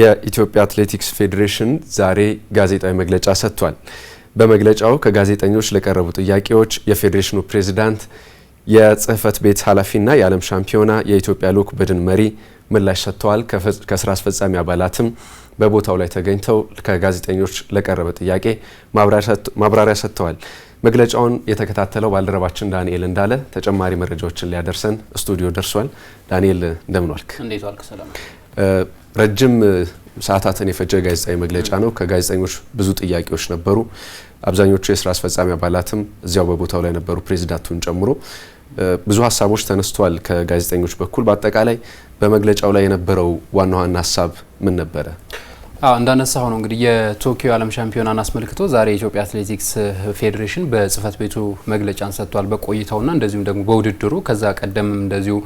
የኢትዮጵያ አትሌቲክስ ፌዴሬሽን ዛሬ ጋዜጣዊ መግለጫ ሰጥቷል። በመግለጫው ከጋዜጠኞች ለቀረቡ ጥያቄዎች የፌዴሬሽኑ ፕሬዝዳንት፣ የጽህፈት ቤት ኃላፊና የዓለም ሻምፒዮና የኢትዮጵያ ልዑክ ቡድን መሪ ምላሽ ሰጥተዋል። ከስራ አስፈጻሚ አባላትም በቦታው ላይ ተገኝተው ከጋዜጠኞች ለቀረበ ጥያቄ ማብራሪያ ሰጥተዋል። መግለጫውን የተከታተለው ባልደረባችን ዳንኤል እንዳለ ተጨማሪ መረጃዎችን ሊያደርሰን ስቱዲዮ ደርሷል። ዳንኤል እንደምን ዋልክ? ረጅም ሰዓታትን የፈጀ ጋዜጣዊ መግለጫ ነው። ከጋዜጠኞች ብዙ ጥያቄዎች ነበሩ። አብዛኞቹ የስራ አስፈጻሚ አባላትም እዚያው በቦታው ላይ ነበሩ፣ ፕሬዚዳንቱን ጨምሮ። ብዙ ሀሳቦች ተነስተዋል ከጋዜጠኞች በኩል። በአጠቃላይ በመግለጫው ላይ የነበረው ዋና ዋና ሀሳብ ምን ነበረ? እንዳነሳ ነው እንግዲህ የቶኪዮ ዓለም ሻምፒዮናን አስመልክቶ ዛሬ የኢትዮጵያ አትሌቲክስ ፌዴሬሽን በጽህፈት ቤቱ መግለጫን ሰጥቷል በቆይታውና እንደዚሁም ደግሞ በውድድሩ ከዛ ቀደምም እንደዚሁ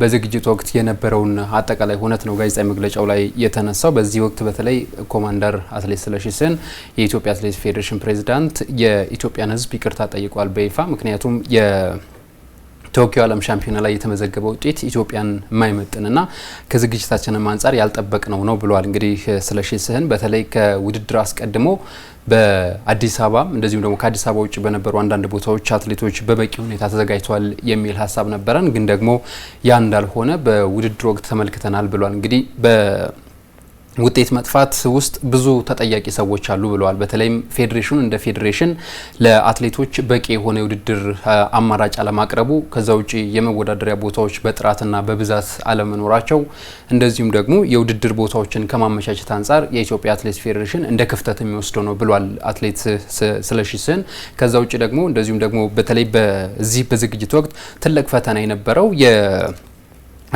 በዝግጅት ወቅት የነበረውን አጠቃላይ ሁነት ነው ጋዜጣዊ መግለጫው ላይ የተነሳው። በዚህ ወቅት በተለይ ኮማንደር አትሌት ስለሺ ስህን የኢትዮጵያ አትሌት ፌዴሬሽን ፕሬዚዳንት የኢትዮጵያን ሕዝብ ይቅርታ ጠይቋል በይፋ ምክንያቱም ቶኪዮ ዓለም ሻምፒዮና ላይ የተመዘገበ ውጤት ኢትዮጵያን የማይመጥንና ከዝግጅታችንም አንጻር ያልጠበቅ ነው ነው ብሏል። እንግዲህ ስለሺ ስህን በተለይ ከውድድር አስቀድሞ በአዲስ አበባም እንደዚሁም ደግሞ ከአዲስ አበባ ውጭ በነበሩ አንዳንድ ቦታዎች አትሌቶች በበቂ ሁኔታ ተዘጋጅተዋል የሚል ሀሳብ ነበረን። ግን ደግሞ ያ እንዳልሆነ በውድድር ወቅት ተመልክተናል ብሏል። እንግዲህ ውጤት መጥፋት ውስጥ ብዙ ተጠያቂ ሰዎች አሉ ብለዋል። በተለይም ፌዴሬሽኑ እንደ ፌዴሬሽን ለአትሌቶች በቂ የሆነ የውድድር አማራጭ አለማቅረቡ፣ ከዛ ውጭ የመወዳደሪያ ቦታዎች በጥራትና በብዛት አለመኖራቸው፣ እንደዚሁም ደግሞ የውድድር ቦታዎችን ከማመቻቸት አንጻር የኢትዮጵያ አትሌት ፌዴሬሽን እንደ ክፍተት የሚወስደው ነው ብሏል አትሌት ስለሺ ስህን። ከዛ ውጭ ደግሞ እንደዚሁም ደግሞ በተለይ በዚህ በዝግጅት ወቅት ትልቅ ፈተና የነበረው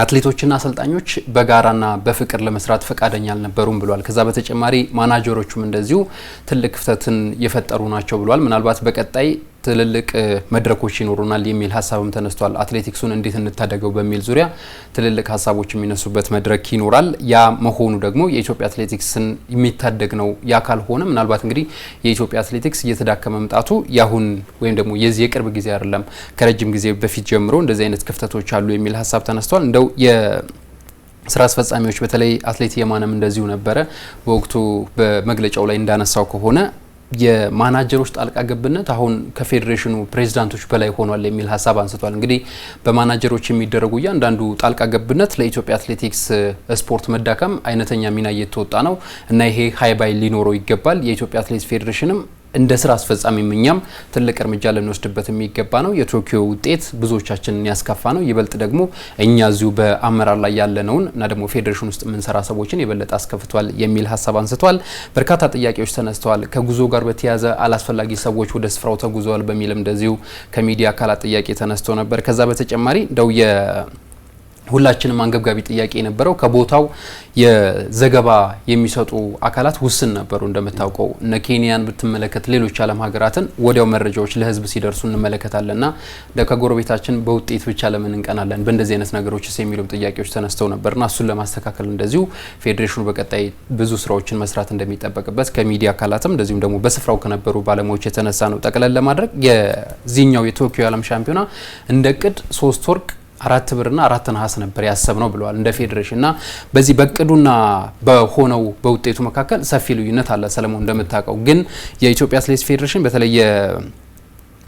አትሌቶችና አሰልጣኞች በጋራና በፍቅር ለመስራት ፈቃደኛ አልነበሩም ብሏል። ከዛ በተጨማሪ ማናጀሮቹም እንደዚሁ ትልቅ ክፍተትን የፈጠሩ ናቸው ብሏል። ምናልባት በቀጣይ ትልልቅ መድረኮች ይኖሩናል የሚል ሀሳብም ተነስቷል። አትሌቲክሱን እንዴት እንታደገው በሚል ዙሪያ ትልልቅ ሀሳቦች የሚነሱበት መድረክ ይኖራል። ያ መሆኑ ደግሞ የኢትዮጵያ አትሌቲክስን የሚታደግ ነው። ያ ካልሆነ ምናልባት እንግዲህ የኢትዮጵያ አትሌቲክስ እየተዳከመ መምጣቱ ያሁን ወይም ደግሞ የዚህ የቅርብ ጊዜ አይደለም፣ ከረጅም ጊዜ በፊት ጀምሮ እንደዚህ አይነት ክፍተቶች አሉ የሚል ሀሳብ ተነስቷል። እንደው ስራ አስፈጻሚዎች በተለይ አትሌት የማነም እንደዚሁ ነበረ በወቅቱ በመግለጫው ላይ እንዳነሳው ከሆነ የማናጀሮች ጣልቃ ገብነት አሁን ከፌዴሬሽኑ ፕሬዚዳንቶች በላይ ሆኗል የሚል ሀሳብ አንስቷል። እንግዲህ በማናጀሮች የሚደረጉ እያንዳንዱ ጣልቃ ገብነት ለኢትዮጵያ አትሌቲክስ ስፖርት መዳከም አይነተኛ ሚና እየተወጣ ነው እና ይሄ ሀይባይ ሊኖረው ይገባል። የኢትዮጵያ አትሌቲክስ ፌዴሬሽንም እንደ ስራ አስፈጻሚ እኛም ትልቅ እርምጃ ልንወስድበት የሚገባ ነው። የቶኪዮ ውጤት ብዙዎቻችንን ያስከፋ ነው። ይበልጥ ደግሞ እኛ እዚሁ በአመራር ላይ ያለነውን እና ደግሞ ፌዴሬሽን ውስጥ የምንሰራ ሰዎችን የበለጠ አስከፍቷል የሚል ሀሳብ አንስተዋል። በርካታ ጥያቄዎች ተነስተዋል። ከጉዞ ጋር በተያያዘ አላስፈላጊ ሰዎች ወደ ስፍራው ተጉዘዋል በሚልም እንደዚሁ ከሚዲያ አካላት ጥያቄ ተነስቶ ነበር። ከዛ በተጨማሪ እንደው ሁላችንም አንገብጋቢ ጥያቄ የነበረው ከቦታው የዘገባ የሚሰጡ አካላት ውስን ነበሩ። እንደምታውቀው እነ ኬንያን ብትመለከት ሌሎች ዓለም ሀገራትን ወዲያው መረጃዎች ለህዝብ ሲደርሱ እንመለከታለን ና ከጎረቤታችን በውጤት ብቻ ለምን እንቀናለን በእንደዚህ አይነት ነገሮች ስ የሚሉም ጥያቄዎች ተነስተው ነበር ና እሱን ለማስተካከል እንደዚሁ ፌዴሬሽኑ በቀጣይ ብዙ ስራዎችን መስራት እንደሚጠበቅበት ከሚዲያ አካላትም እንደዚሁም ደግሞ በስፍራው ከነበሩ ባለሙያዎች የተነሳ ነው። ጠቅለን ለማድረግ የዚህኛው የቶኪዮ ዓለም ሻምፒዮና እንደ ቅድ ሶስት ወርቅ አራት ብርና አራት ነሐስ ነበር ያሰብ ነው ብለዋል እንደ ፌዴሬሽን እና በዚህ በእቅዱና በሆነው በውጤቱ መካከል ሰፊ ልዩነት አለ። ሰለሞን እንደምታውቀው ግን የኢትዮጵያ አትሌቲክስ ፌዴሬሽን በተለየ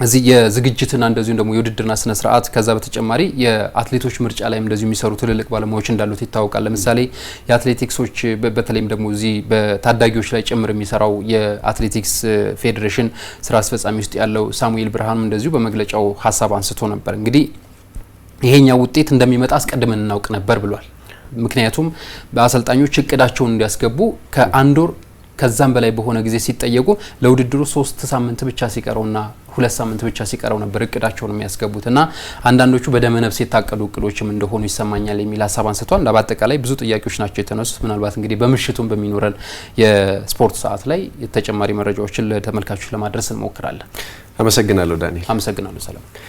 እዚህ የዝግጅትና እንደዚሁም ደግሞ የውድድርና ስነ ስርዓት ከዛ በተጨማሪ የአትሌቶች ምርጫ ላይም እንደዚሁ የሚሰሩ ትልልቅ ባለሙያዎች እንዳሉት ይታወቃል። ለምሳሌ የአትሌቲክሶች በተለይም ደግሞ እዚህ በታዳጊዎች ላይ ጭምር የሚሰራው የአትሌቲክስ ፌዴሬሽን ስራ አስፈጻሚ ውስጥ ያለው ሳሙኤል ብርሃንም እንደዚሁ በመግለጫው ሀሳብ አንስቶ ነበር እንግዲህ ይሄኛው ውጤት እንደሚመጣ አስቀድመን እናውቅ ነበር ብሏል። ምክንያቱም በአሰልጣኞች እቅዳቸውን እንዲያስገቡ ከአንድ ወር ከዛም በላይ በሆነ ጊዜ ሲጠየቁ ለውድድሩ ሶስት ሳምንት ብቻ ሲቀረውና ሁለት ሳምንት ብቻ ሲቀረው ነበር እቅዳቸውን የሚያስገቡት እና አንዳንዶቹ በደመነፍስ የታቀዱ እቅዶችም እንደሆኑ ይሰማኛል የሚል ሀሳብ አንስቷል። በአጠቃላይ ብዙ ጥያቄዎች ናቸው የተነሱት። ምናልባት እንግዲህ በምሽቱም በሚኖረን የስፖርት ሰዓት ላይ ተጨማሪ መረጃዎችን ለተመልካቾች ለማድረስ እንሞክራለን። አመሰግናለሁ ዳንኤል። አመሰግናለሁ ሰላም።